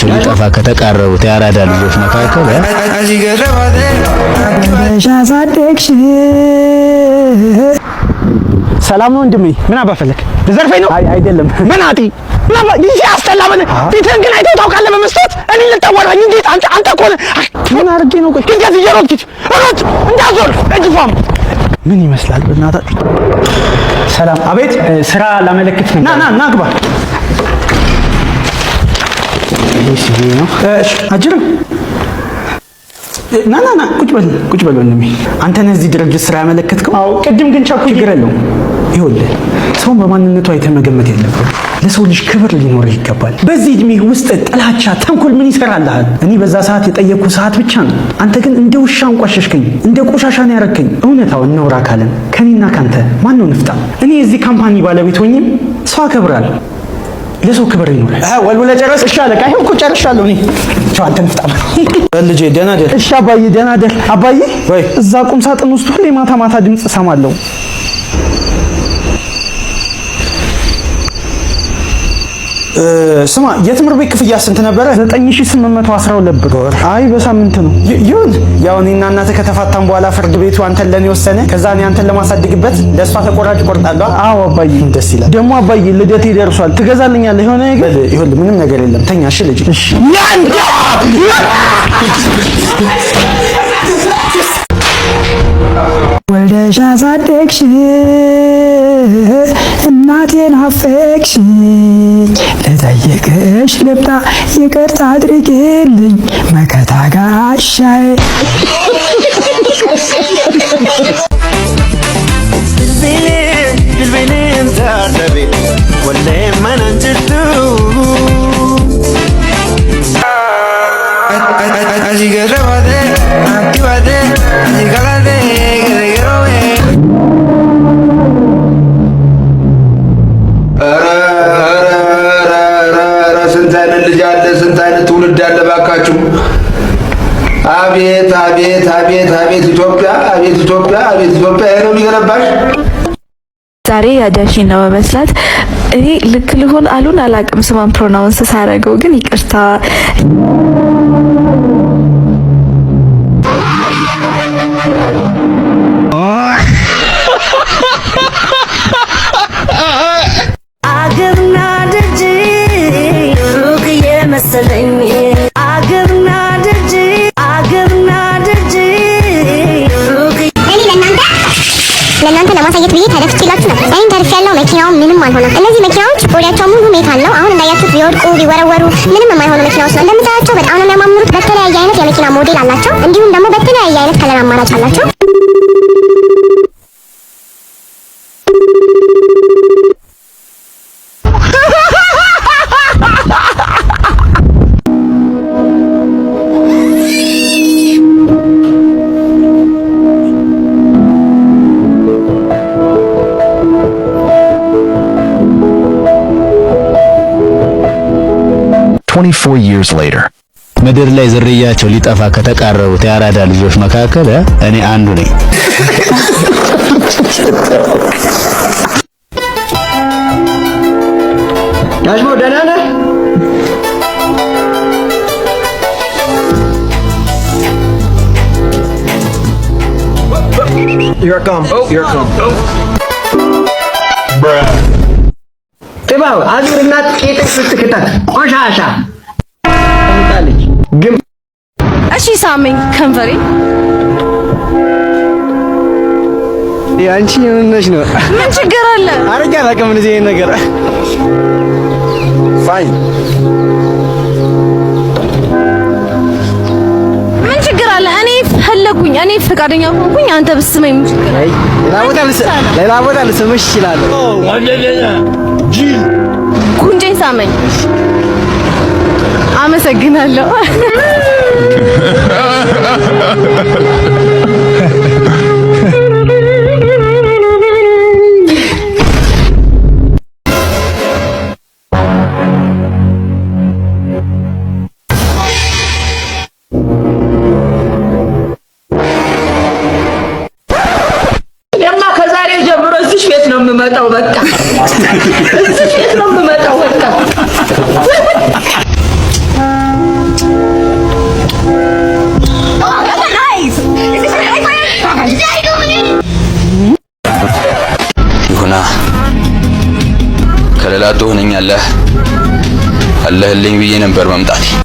ሀገራቸው ሊጠፋ ከተቃረቡት የአራዳ ልጆች መካከል ሰላም ነው ወንድሜ። ምን አባፈለክ? ልዘርፈኝ ነው? አይ አይደለም። ምን አጢ ምን አባ ይሄ አስጠላ። ምን ፊትህን ግን አይተው ታውቃለህ? በመስጠት እኔ ልታወራኝ እንዴት? አንተ አንተ እኮ ምን አድርጌ ነው? ቆይ ግን ከዚህ እየሮጥክ ሮጥ እንዳዞር እጅፋም ምን ይመስላል? በእናታችሁ ሰላም። አቤት። ስራ ላመለክት ነው። ና ና ና ግባ አጅርም ና ና ና ቁጭ በል ቁጭ በል ወንድሜ። አንተ ነህ እዚህ ድርጅት ስራ ያመለከትከው? አዎ። ቅድም ግን ቻኩ ችግር የለውም። ይኸውልህ ሰውን በማንነቱ አይተህ መገመት የለብህም። ለሰው ልጅ ክብር ሊኖርህ ይገባል። በዚህ እድሜ ውስጥ ጥላቻ፣ ተንኮል ምን ይሰራልሃል? እኔ በዛ ሰዓት የጠየቅኩ ሰዓት ብቻ ነው። አንተ ግን እንደ ውሻ አንቋሸሽከኝ፣ እንደ ቆሻሻ ነው ያረከኝ። እውነታው እናውራ ካለን ከኔና ካንተ ማን ነው ንፍጣ? እኔ የዚህ ካምፓኒ ባለቤት ሆኜም ሰው አከብራለሁ። ለሰው ክብር ይኖር። አህ ወልውለ ጨረስ። እሺ አለቃ፣ ይሄን እኮ ጨርሻለሁ እኔ። ቻው አንተ ንፍጣም ልጄ፣ ደህና ደር። እሺ አባዬ፣ ደህና ደር አባዬ። እዛ ቁም ሳጥን ውስጥ ሁሌ ማታ ማታ ድምፅ እሰማለሁ። ስማ የትምህርት ቤት ክፍያ ስንት ነበረ? 9812 ብር። አይ በሳምንት ነው። ይሁን ያው እኔና እናተ ከተፋታን በኋላ ፍርድ ቤቱ አንተን ለኔ ወሰነ። ከዛ እኔ አንተን ለማሳደግበት ለእሷ ተቆራጭ ቆርጣለሁ። አዎ አባዬ። ደስ ይላል ደግሞ አባዬ። ልደቴ ደርሷል ትገዛልኛለህ የሆነ ነገር? ይሁን ምንም ነገር የለም ተኛ። እሺ ልጅ ወልደሽ አሳደግሽን እናቴን አፈቅሽኝ ልጠይቅሽ ልብጣ ይቅርታ አድርጌልኝ መከታ ጋሻዬ Bilbilim, bilbilim, tarla bil Kollayım ben öncürdüm አልነበራችሁም? አቤት አቤት አቤት አቤት ኢትዮጵያ አቤት ኢትዮጵያ አቤት ኢትዮጵያ ይሄ ነው የሚገነባሽ። ዛሬ ያዳሽን ነው በመስላት እኔ ልክ ልሆን አሉን አላቅም። ስማን ፕሮናውንስ ሳረገው ግን ይቅርታ ለማሳየት ብዬ ተደፍቼላችሁ ነው። እኔም ተርፍ ያለው መኪናው ምንም አልሆነም። እነዚህ መኪናዎች ቦዲያቸው ሙሉ ሜት አለው። አሁን እንዳያችሁት ቢወድቁ ቢወረወሩ ምንም የማይሆኑ መኪናዎች ነው። እንደምታያቸው በጣም ነው የሚያማምሩት። በተለያየ አይነት የመኪና ሞዴል አላቸው። እንዲሁም ደግሞ በተለያየ አይነት ከለር አማራጭ አላቸው። 24 years later. ምድር ላይ ዝርያቸው ሊጠፋ ከተቃረቡት የአራዳ ልጆች መካከል እኔ አንዱ ነኝ። ያሽሞ ደህና ነህ? Here I come. Oh. Here I come. Oh. Bruh. እባብ አዙርና ጤጤ ስትክታት ቆሻሻ ታለች። ግን እሺ ሳመኝ ከንፈሬ ያንቺ ምን ነሽ ነው። ምን ችግር አለ? አረጋ አላውቅም እንደዚህ ይሄን ነገር ፋይን። ምን ችግር አለ? እኔ ፈለጉኝ፣ እኔ ፈቃደኛ ሆንኩኝ። አንተ ብስመኝ ምን ችግር አለ? ሌላ ቦታ ልስምሽ ይችላል። ኦ oh, ሳመኝ። አመሰግናለሁ። የማ ከዛሬ ጀምሮ እዚህ ቤት ነው የምመጣው። በቃ እዚህ ቤት ነው ይሁና ከሌላ ትሆነኛለህ አለህልኝ ብዬ ነበር መምጣቴ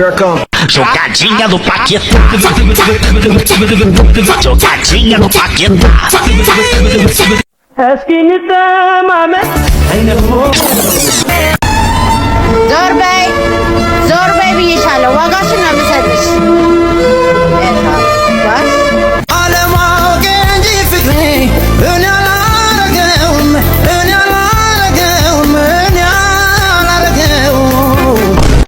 Here I come. Jogadinha do Paquetá. Jogadinha do Paquetá. Asking you time, I